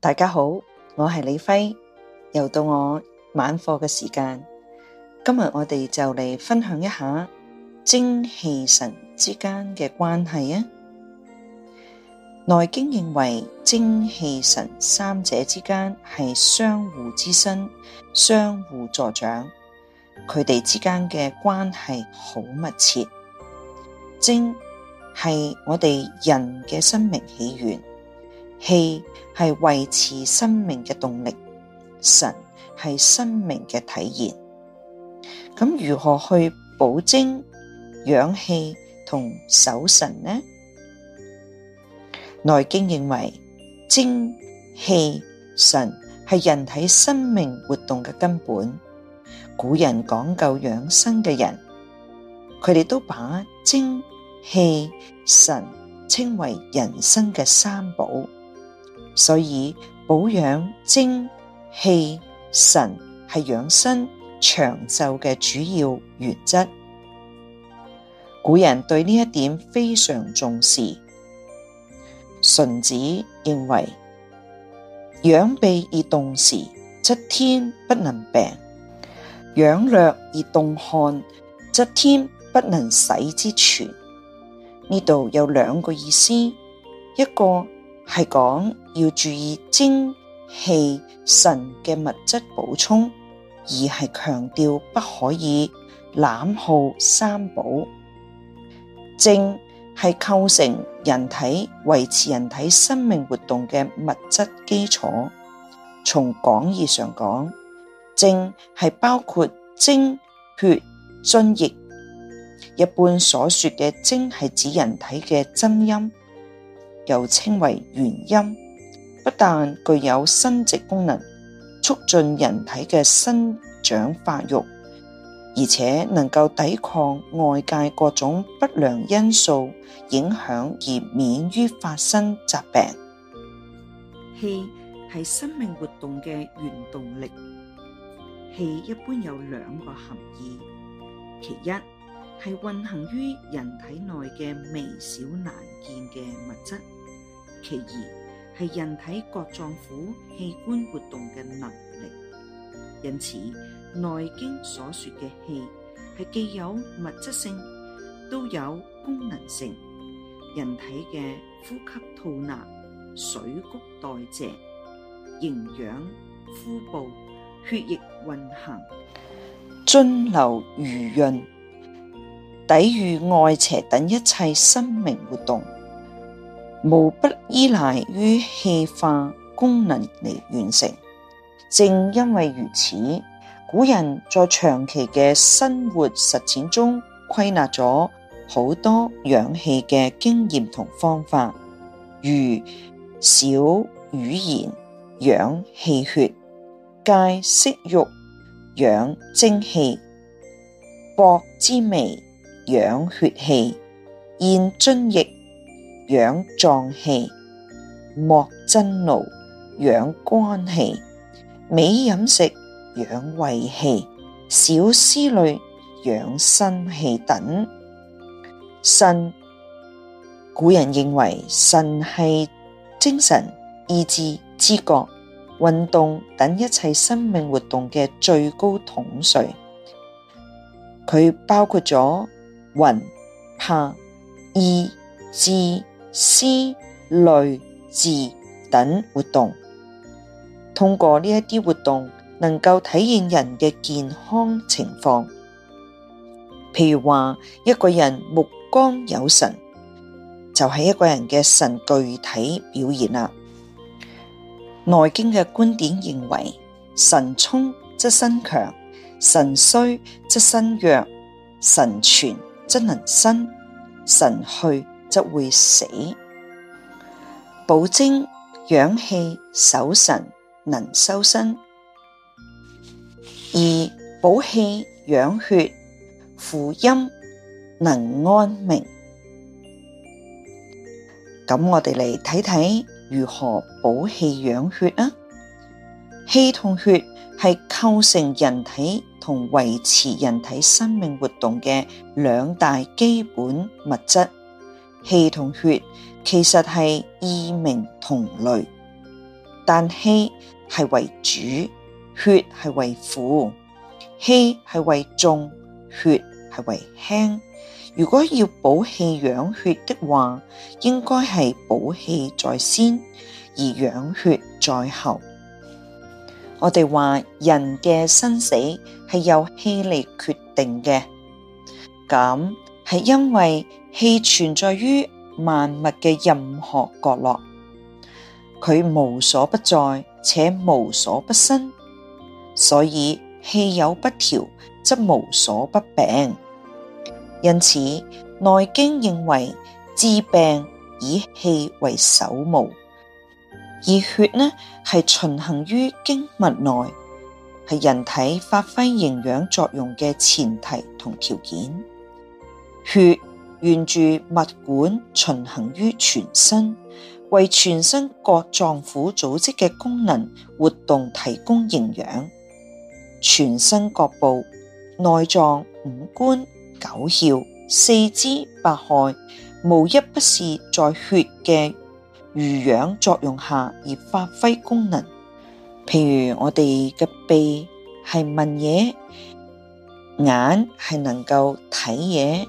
大家好，我係李輝，又到我晚課嘅時間。今日我哋就嚟分享一下精氣神之間嘅關係啊。內經認為精氣神三者之間係相互滋生、相互助長，佢哋之間嘅關係好密切。精係我哋人嘅生命起源。氣係維持生命嘅動力，神係生命嘅體現。咁如何去補精、養氣同守神呢？《內經》認為精、氣、神係人體生命活動嘅根本。古人講究養生嘅人，佢哋都把精、氣、神稱為人生嘅三寶。所以保養精氣神係養生長壽嘅主要原則。古人對呢一點非常重視。荀子認為，養備而動時，則天不能病；養略而動汗，則天不能使之全。呢度有兩個意思，一個。係講要注意精氣神嘅物質補充，而係強調不可以濫耗三寶。精係構成人體維持人體生命活動嘅物質基礎。從廣義上講，精係包括精血津液。一般所說嘅精係指人體嘅真陰。又稱為元陰，不但具有生殖功能，促進人體嘅生長發育，而且能夠抵抗外界各種不良因素影響而免於發生疾病。氣係生命活動嘅原動力，氣一般有兩個含義，其一係運行於人體內嘅微小難見嘅物質。其二係人體各臟腑器官活動嘅能力，因此《內經》所說嘅氣係既有物質性，都有功能性。人體嘅呼吸吐納、水穀代謝、營養、敷布、血液運行、津流濡潤、抵禦外邪等一切生命活動。無不依賴於氣化功能嚟完成。正因為如此，古人在長期嘅生活實踐中歸納咗好多養氣嘅經驗同方法，如少語言、養氣血、戒色慾、養精氣、薄滋味、養血氣、咽津液。養臟氣，莫真怒；養肝氣，美飲食；養胃氣，少思慮；養神氣等。神，古人認為神係精神、意志、知覺、運動等一切生命活動嘅最高統帥。佢包括咗魂、魄、意、志。思、慮、志等活動，通過呢一啲活動，能夠體現人嘅健康情況。譬如話，一個人目光有神，就係、是、一個人嘅神具體表現啦。內經嘅觀點認為，神充則身強，神衰則身弱，神全則,則能生，神去。則會死。補精養氣守神能修身，而補氣養血扶陰能安眠。咁我哋嚟睇睇如何補氣養血啊？氣同血係構成人體同維持人體生命活動嘅兩大基本物質。氣同血其實係異名同類，但氣係為主，血係為輔。氣係為重，血係為輕。如果要補氣養血的話，應該係補氣在先，而養血在後。我哋話人嘅生死係由氣嚟決定嘅，咁。係因為氣存在於萬物嘅任何角落，佢無所不在，且無所不生，所以氣有不調則無所不病。因此《內經》認為治病以氣為首務，而血呢，係循行於經脈內，係人體發揮營養作用嘅前提同條件。血沿住脈管循行於全身，為全身各臟腑組織嘅功能活動提供營養。全身各部、內臟、五官、九竅、四肢、百骸，無一不是在血嘅濡養作用下而發揮功能。譬如我哋嘅鼻係聞嘢，眼係能夠睇嘢。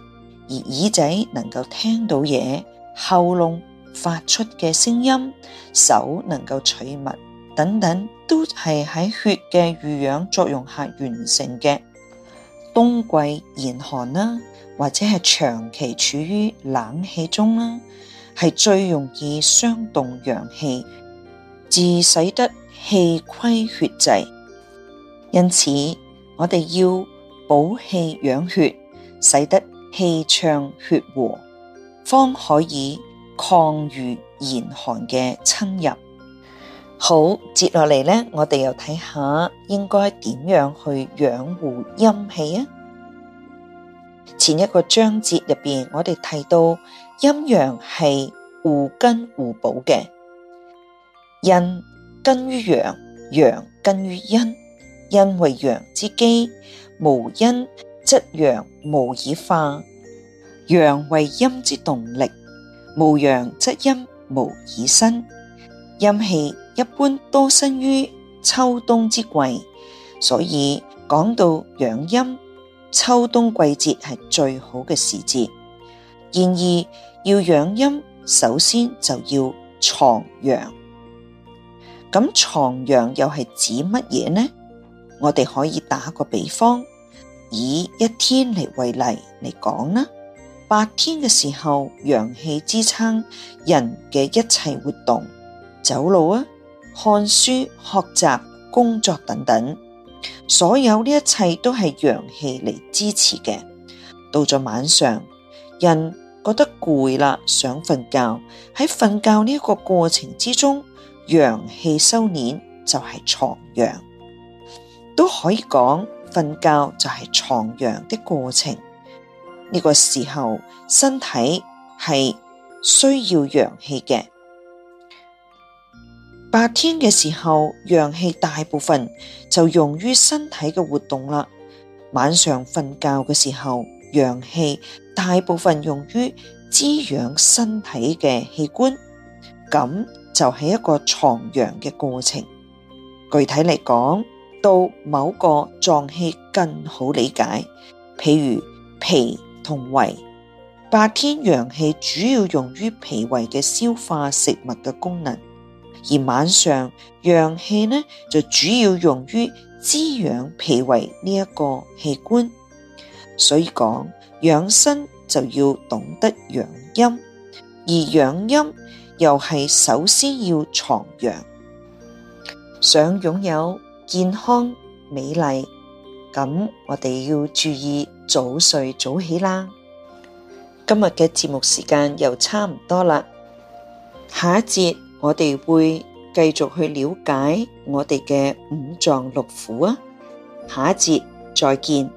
而耳仔能夠聽到嘢，喉嚨發出嘅聲音，手能夠取物，等等，都係喺血嘅濡養作用下完成嘅。冬季嚴寒啦，或者係長期處於冷氣中啦，係最容易傷動陽氣，致使得氣虧血滯。因此，我哋要補氣養血，使得。氣暢血和，方可以抗禦嚴寒嘅侵入。好，接落嚟咧，我哋又睇下應該點樣去養護陰氣啊？前一個章節入邊，我哋提到陰陽係互根互補嘅，陰根於陽，陽根於陰，陰為陽之基，無陰，則陽無以化，陽為陰之動力，無陽則陰無以生。陰氣一般多生於秋冬之季，所以講到養陰，秋冬季節係最好嘅時節。然而要養陰，首先就要藏陽。咁藏陽又係指乜嘢呢？我哋可以打個比方。以一天嚟為例嚟講啦，白天嘅時候，陽氣支撐人嘅一切活動，走路啊、看書、學習、工作等等，所有呢一切都係陽氣嚟支持嘅。到咗晚上，人覺得攰啦，想瞓覺。喺瞓覺呢個過程之中，陽氣收斂就係藏陽，都可以講。.瞓覺就係藏陽的過程，呢個時候身體係需要陽氣嘅。白天嘅時候，陽氣大部分就用於身體嘅活動啦。晚上瞓覺嘅時候，陽氣大部分用於滋養身體嘅器官，咁就係一個藏陽嘅過程。具體嚟講。到某個臟器更好理解，譬如脾同胃，白天陽氣主要用於脾胃嘅消化食物嘅功能，而晚上陽氣呢，就主要用於滋養脾胃呢一個器官。所以講養生就要懂得養陰，而養陰又係首先要藏陽，想擁有。健康美麗，咁我哋要注意早睡早起啦。今日嘅節目時間又差唔多啦，下一節我哋會繼續去了解我哋嘅五臟六腑啊。下一節再見。